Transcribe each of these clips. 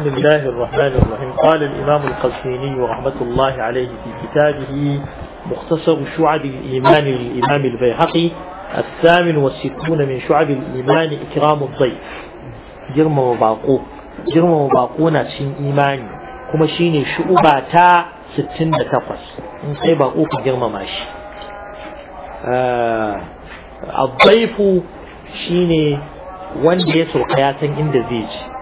بسم الله الرحمن الرحيم قال الإمام القسيني رحمة الله عليه في كتابه مختصر شعب الإيمان للإمام البيهقي الثامن والستون من شعب الإيمان إكرام الضيف جرم وباقو جرم وباقونا سين إيمان كما شين شعوبة تا ستين تقص إن كي باقوك جرم ماشي آه الضيف شين وان يسوق حياة عند زيجي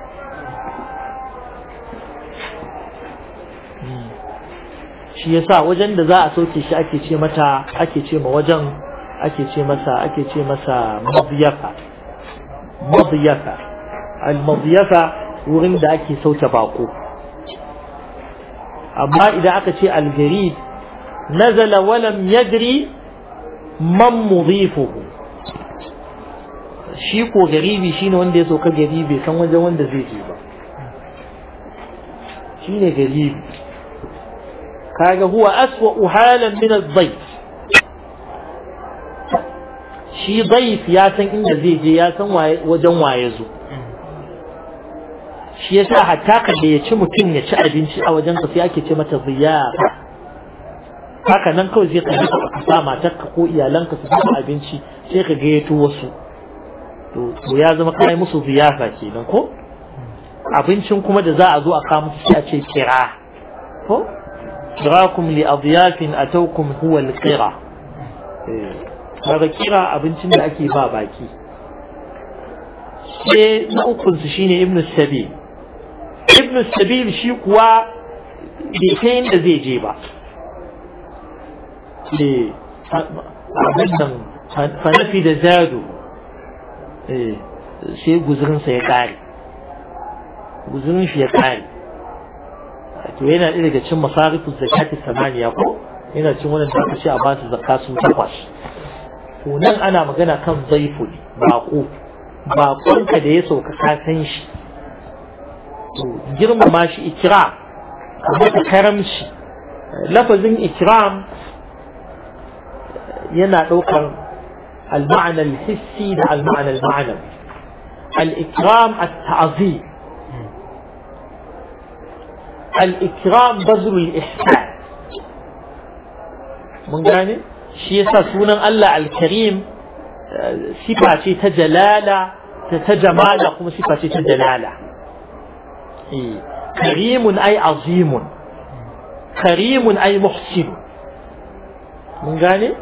shi yasa wajen da za a soke shi ake ce mata ake ce ma wajen ake ce masa ake ce masa mabiyaka mabiyaka al mabiyaka wurin da ake sauke bako amma idan aka ce al garib nazala lam yadri man mudifuhu shi ko garibi shine wanda ya soka garibi kan wajen wanda zai je ba shine garibi kaga huwa aswa halan min adh shi dhayf ya san inda zai je ya san wajen waye zo shi yasa hatta da ya ci mutum ya ci abinci a wajen sai ake ce mata ziya haka nan kawai sai ka sa matarka ko iyalanka su samu abinci sai ka gayyato wasu to ya zama kai musu ziyafa kenan ko abincin kuma da za a zo a kawo musu sai a ce kira ko kirakum li adiyafin atawkum huwa alqira kaga kira abincin da ake ba baki sai na ukun su shine ibnu sabil ibnu sabil shi kuwa bai kai inda zai je ba ne abin nan fanafi da zado sai guzurinsa ya kare guzurin shi ya kare to yana ɗaya daga cin masarifin zakati samaniya ko yana cin wannan da aka ce a ba su zakka sun takwas to nan ana magana kan zaifu ne baƙo baƙonka da ya sauka ka san shi to girmama shi ikram kuma ka karamci lafazin ikram yana ɗaukar al-ma'ana al-hissi da al-ma'ana al-ma'anawi al-ikram at-ta'zim al-ikram bazrul ihsan mun gane shi yasa sunan Allah Alkarim karim sifa ta jalala ta jamala kuma sifa ce ta jalala karimun ai azimun karimun ai muhsin mun gane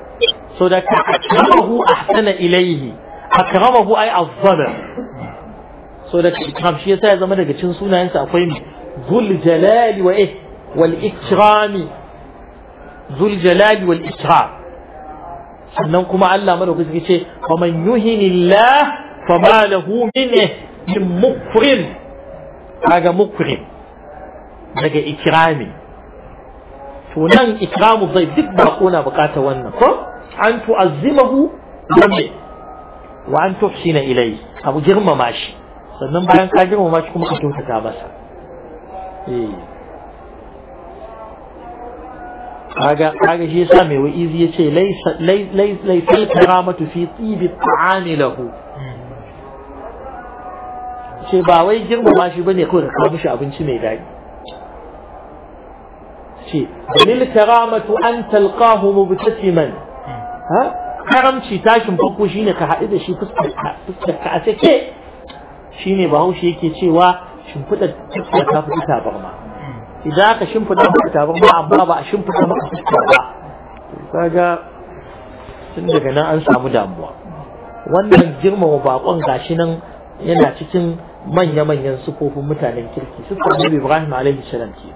so da ka akramahu ahsana ilaihi akramahu so ikram shi yasa ya zama daga cikin sunayensa akwai ذو الجلال وإيه والإكرام ذو الجلال والإكرام سننكم على ما لو قلت ومن يهن الله فما له منه إيه؟ من مكرم هذا مكرم هذا إكرام تنان إكرام الضيب دك باقونا بقاته وانا أن تعظمه ومي وأن تحسن إليه أبو جرم ماشي sannan bayan ka girma ma shi Eh. kaga kaga shi yasa mai wa'izi yace laysa laysa karamatu fi tibi ta'ami lahu ce ba wai girmama shi bane kawai da kawo mishi abinci mai daɗi ce dalil karamatu an talqahu mubtasiman ha karamci tashin farko shine ka haɗu da shi fuskar ka a sake shine bahaushe yake cewa shimfiɗa da ta fi tabarma idan aka shimfiɗa maka tabarma amma ba a shimfiɗa maka fuska ba kaga tun daga nan an samu damuwa wannan girmama bakon gashi nan yana cikin manya-manyan sufofin mutanen kirki sufofin Nabi Ibrahim alaihi salam ke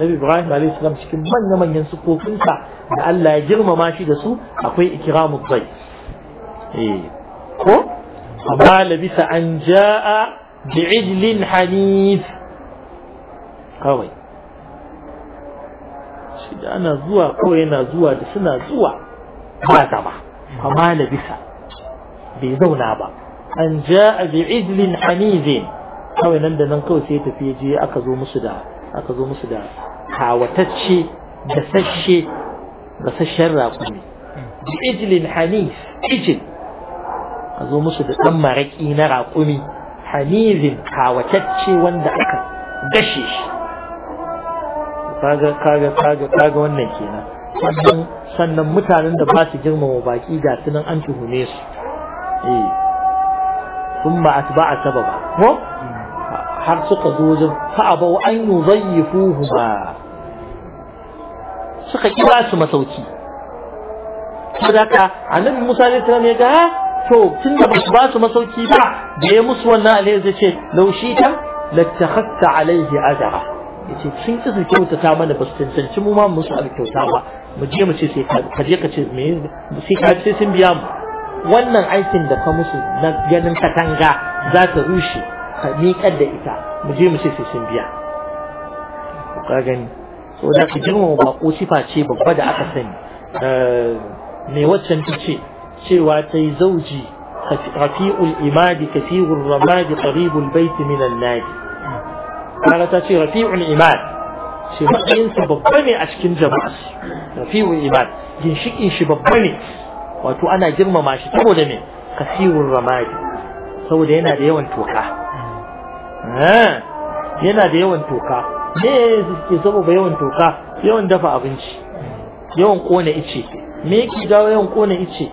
Nabi Ibrahim alaihi salam cikin manya-manyan sufofinsa da Allah ya girmama shi da su akwai ikiramu bai eh, ko amma labisa an ja'a بعدل الحنيف kawai shi da ana zuwa kawai yana zuwa da suna zuwa ba zama amma na bisa bai zauna ba an ja a bi'idlin hanizin kawai nan da nan kawai sai tafi je aka zo musu da aka zo musu da kawatacce da da ijil a zo musu da ɗan maraƙi na raƙumi hanizin kawatacce wanda aka gashe shi kaga kaga kaga kaga wannan kenan sannan sannan mutanen da ba su girmama baki ga sunan an tuhume su eh thumma atba'a sababa ko har suka zo wajen fa'abau an ba. suka kira su masauki saboda haka annabi Musa zai salam ya ga to tun da ba su masauki ba da ya musu wannan alheri zai ce laushi ta lattakhatta alaihi ya ce sun ƙi su kyauta ta mana ba su cancanci mu ma musu alkyauta ba mu je mu ce sai ka je ka ce me sai ka ce sun biya mu wannan aikin da ka musu na ganin katanga za ka rushe ka miƙar da ita mu je mu ce sai sun biya ka gani saboda ka girmama ko sifa ce babba da aka sani eh, me waccan ta ce cewa ta yi zauji rafi'ul imadi kafirun ramadi ƙaribun baiti minan nadi kaga ta ce rafi'ul imad ce matsayinsa babba ne a cikin jama'a rafi'ul imad ginshikin shi babba ne wato ana girmama shi saboda kafi kasirun ramadi saboda yana da yawan toka eh, yana da yawan toka ne ke saboda yawan toka yawan dafa abinci yawan kona ice me yake jawo yawan kona ice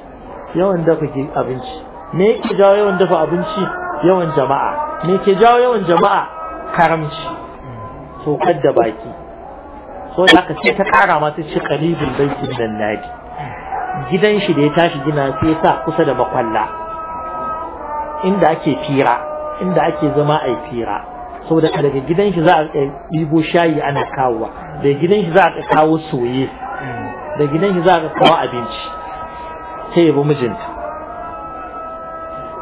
yawan dafa abinci me yake jawo yawan dafa abinci yawan jama'a me ke jawo yawan jama'a karamci tokar da baki so da aka ce ta kara masu ci kalibin bankin nan nadi gidan shi da ya tashi gina sai ya sa kusa da makwalla inda ake fira inda ake zama a fira da daga gidan shi za a ɗibo shayi ana kawowa da gidan shi za a kawo soye da gidan shi za a kawo abinci تيب مجنة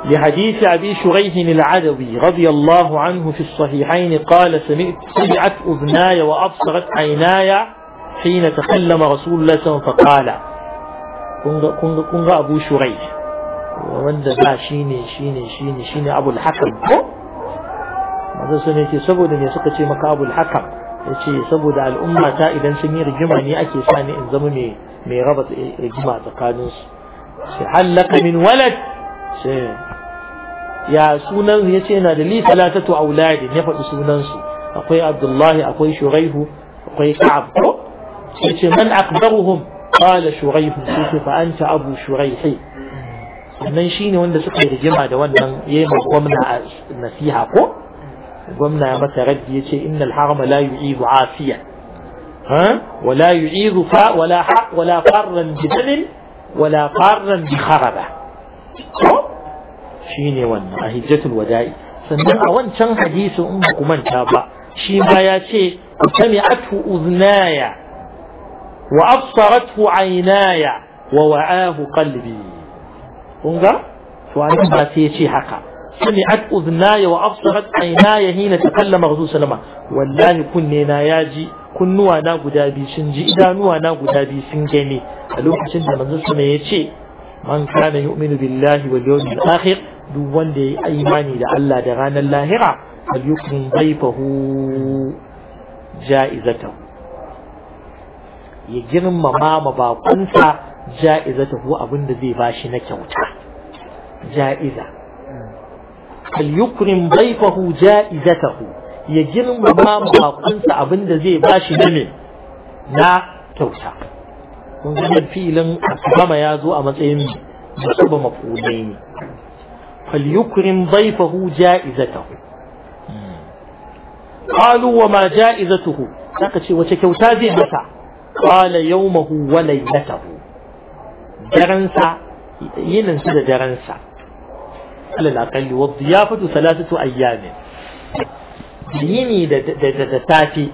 لحديث أبي شريح العدوي رضي الله عنه في الصحيحين قال سمعت سمعت أذناي وأبصرت عيناي حين تكلم رسول الله صلى الله عليه وسلم فقال كن أبو شريح وند ما شيني شيني شيني شيني أبو الحكم ماذا سنتي سبود أن يسقط مك أبو الحكم يسقط سبود الأمة إذا سمير جمعني أكي ثاني إن زمني مي ربط رجمع تقانوس حلق من ولد ya sunan ya ce yana da li salatatu auladin ya faɗi sunansu akwai abdullahi akwai shuraihu akwai ka'ab ko ya ce man akbaruhum qala shuraihu sai ce fa anta abu shuraihi wannan shine wanda suka yi rigima da wannan yayi ma gwamna nasiha ko gwamna ya masa raddi ya ce innal harama la yu'idu afiya ha wala yu'idu fa wala ha wala farran bidalil ولا قارا بخربة شيني وانا أهجة الوداء صندق وان كان حديث أمك من تابع شي ما ياتي سمعته أذنايا وأبصرته عيناي ووعاه قلبي انظر فأنا ما تيشي حقا سمعت أذناي وأبصرت عيناي حين تكلم رسول صلى الله عليه وسلم والله kunnuwa na guda biyu sun ji idanuwa na guda biyu sun gani a lokacin da manzo sama ya ce man kana yu'minu billahi wal yawmil duk wanda ya yi imani da Allah da ranar lahira fal yukrim dayfahu ya girmama ma bakunsa ja'izatahu abinda zai bashi na kyauta ja'iza an yukrim daifahu ja'izatahu ya girmama abin da zai bashi na me na kyauta kun ga filin asbama ya zo a matsayin musuba mafudai ne fal yukrim daifahu ja'izatahu qalu wa ma ja'izatuhu saka ce wace kyauta zai mata qala yawmahu wa laylatahu daransa yininsa da daransa على aqalli wa dhiyafatu salasatu ayyam yini da da da safi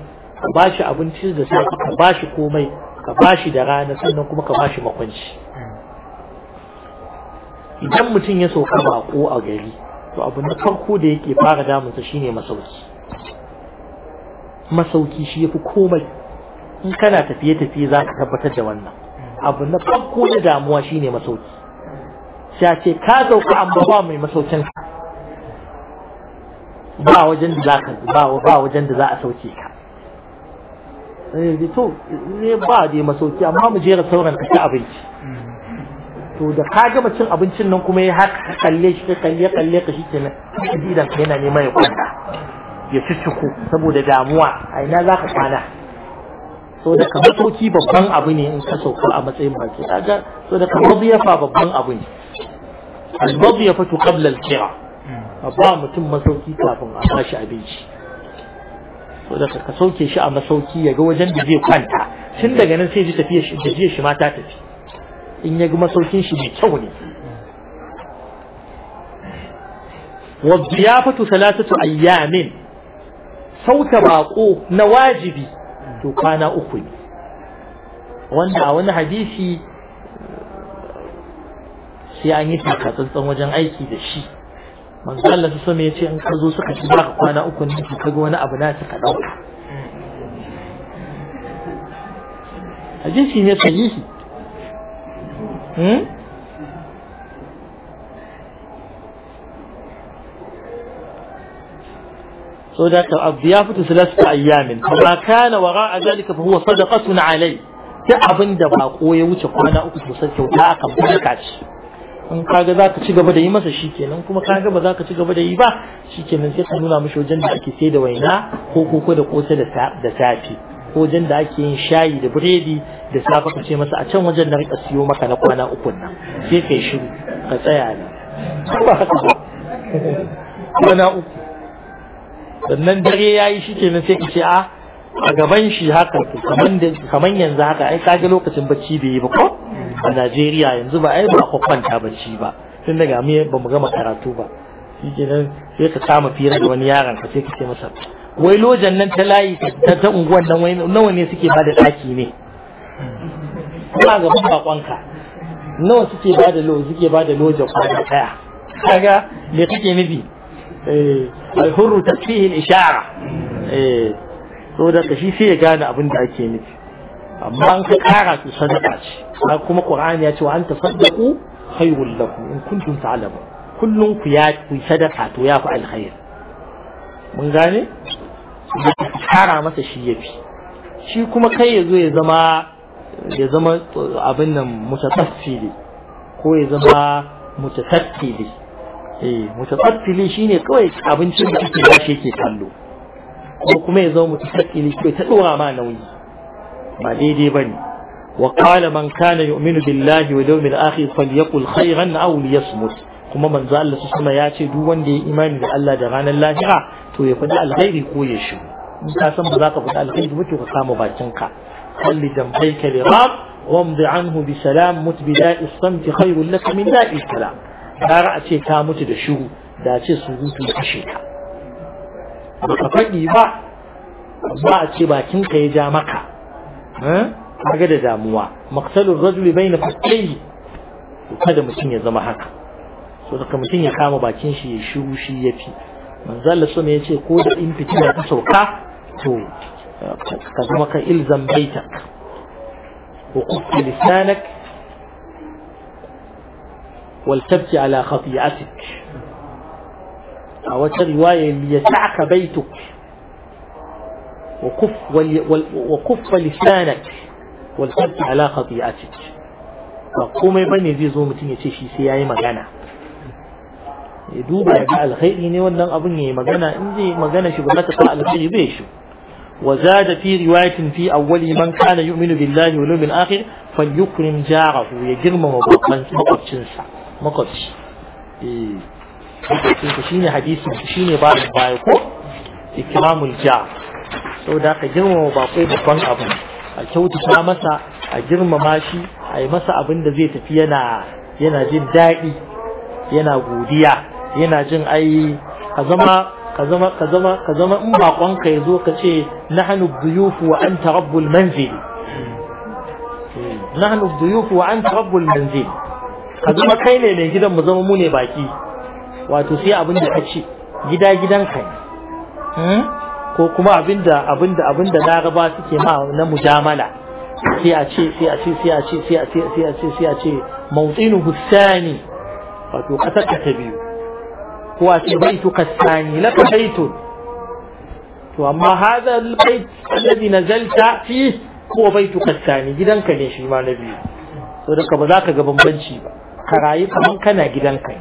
ka bashi abinci da safi ka bashi komai ka bashi da rana sannan kuma ka shi idan mutum ya sauka bako a gari to abu na farko da yake fara damunsa shine masauki masauki shi yafi komai in kana tafiye-tafiye za ka tabbatar da wannan abu na farko da damuwa shine masauki sai ce ka dauka an ba mai masaukin ba wajen da za ka ba ba wajen da za a sauke ka eh to ne ba dai masauki amma mu jera sauran ka abinci to da ka gama cin abincin nan kuma ya haka kalle shi kalle kalle ka shikenan idan ka yana neman ya kwanta ya cicciko saboda damuwa a ina za ka kwana so da kamar sauki babban abu ne in ka sauka a matsayin baki kaga so da kamar ziyafa babban abu ne الباب يفتح قبل الكرة الباب متم سوكي كافون أخاش أبيش وذلك كسوكي شاء ما سوكي يقوى جنب زيو كانتا سندا جنا سيجي تفيش تفيش ما تاتش إن يقوى سوكي شيء بيتوني والضيافة ثلاثة أيام صوت باقو نواجبي تو كان أخوي وانا وانا حديثي sai an yi tsantsan wajen aiki da shi manzo Allah su ya yace in ka zo suka ci baka kwana uku ne ki kaga wani abu na ta ka dauka hadisi ne sahihi hmm so da ka abu ya fito salasta ayyamin amma kana wara a zalika fa huwa sadaqatun alai ta abinda ba ko ya wuce kwana uku sosai kyauta akan barka shi in kaga za ka ci gaba da yi masa shi kenan kuma ka ba za ka ci gaba da yi ba shi kenan sai ka nuna mashi wajen da ake sai da waina ko koko da kosa da safi ko wajen da ake yin shayi da biredi da safa ka ce masa a can wajen na rika siyo maka na kwana uku nan sai kai shiru ka tsaya ne kwana uku sannan dare ya yi shi kenan sai ka ce a ah, a gaban shi haka kaman yanzu haka ai kaga lokacin bacci bai yi ba ko a Najeriya yanzu ba ai ba ku kwanta bacci ba tun daga mu ba mu gama karatu ba shi kenan sai ka kama fira da wani yaron ka sai ka ce masa wai lojan nan ta layi ta ta unguwan nan wai nawa ne suke bada daki ne kuma gaban kwanka nawa suke bada lo suke bada lojan kwana daya kaga me kake nufi eh al-hurru tafihi al-ishara eh so da shi sai ya gane abin da ake nufi amma an ka kara su sadaka ce kuma qur'ani ya ce wa anta saddaqu khairul lakum in kuntum ta'lamun kullun ku ya ku sadaka to ya fi alkhair mun gane kara masa shi yafi shi kuma kai ya zo ya zama ya zama abin nan mutataffili ko ya zama mutataffili eh mutataffili shine kawai abincin da kake ba shi yake kallo ko kuma ya zama mutataffili kai ta dora ma nauyi ba daidai ba ne wa qala man kana yu'minu billahi wal yawmil akhir falyaqul khayran aw liyasmut kuma manzo Allah su sama ya ce duk wanda ya imani da Allah da ranar lahira to ya faɗi alkhairi ko ya shi in ka san ba za ka faɗi alkhairi ba to ka kama bakinka kalli dambaika li rab wamdi anhu bi salam mut bi da'i samti khairul laka min da'i salam gara a ce ka mutu da shiru da ce surutu kashe ka ba ka faɗi ba ba a ce bakinka ya ja maka kaga da damuwa maktalu rajuli baina fatayi kada mutun ya zama haka so da mutum ya kama bakin shi ya shiru shi yafi manzo Allah sun yace ko da in fitina ta sauka to ka zama ka ilzam baitak wa quf lisanak wal tabki ala khati'atik a wata riwaya yasa'ka baituk وقف, وقف لسانك والحب على خطيئتك فقومي بني زي زومة يتشي سياي مغانا يدوب يبع الخير هنا وانا ابني مغانا انجي مغانا شو بلا تطلع الخير بيشو وزاد في رواية في أول من كان يؤمن بالله ولوم الآخر فليكرم جاره ويجرم مبطن مقف شنسا مقف شنسا إيه. شيني حديث شيني بارك بايكو إكرام الجار saboda ka girmama bako babban abu a kyautata masa a girmama shi a yi masa abin da zai tafi yana yana jin daɗi yana godiya yana jin ai ka zama ka zama ka zama ka zama in bakon ka yazo ka ce nahnu dhuyufu wa anta rabbul manzil hmm. nahnu dhuyufu wa anta rabbul manzil ka zama kai ne mai gidan mu zama mu ne baki wato sai abin da ka ci gida gidan ka ne hmm? ko kuma abinda abinda abinda raba suke ma na mujamala sai a ce sai a ce sai a ce sai a ce sai a ce sai a ce mawtinu husani wato kasar ta biyu ko a ce baitu kasani laka baitu to amma hadha bait alladhi nazalta fi ko baitu kasani gidanka ne shi ma na biyu to ka ba za ka ga bambanci ba ka rayu kaman kana gidanka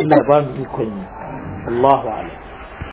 Allah ba mu ikon Allahu a'lam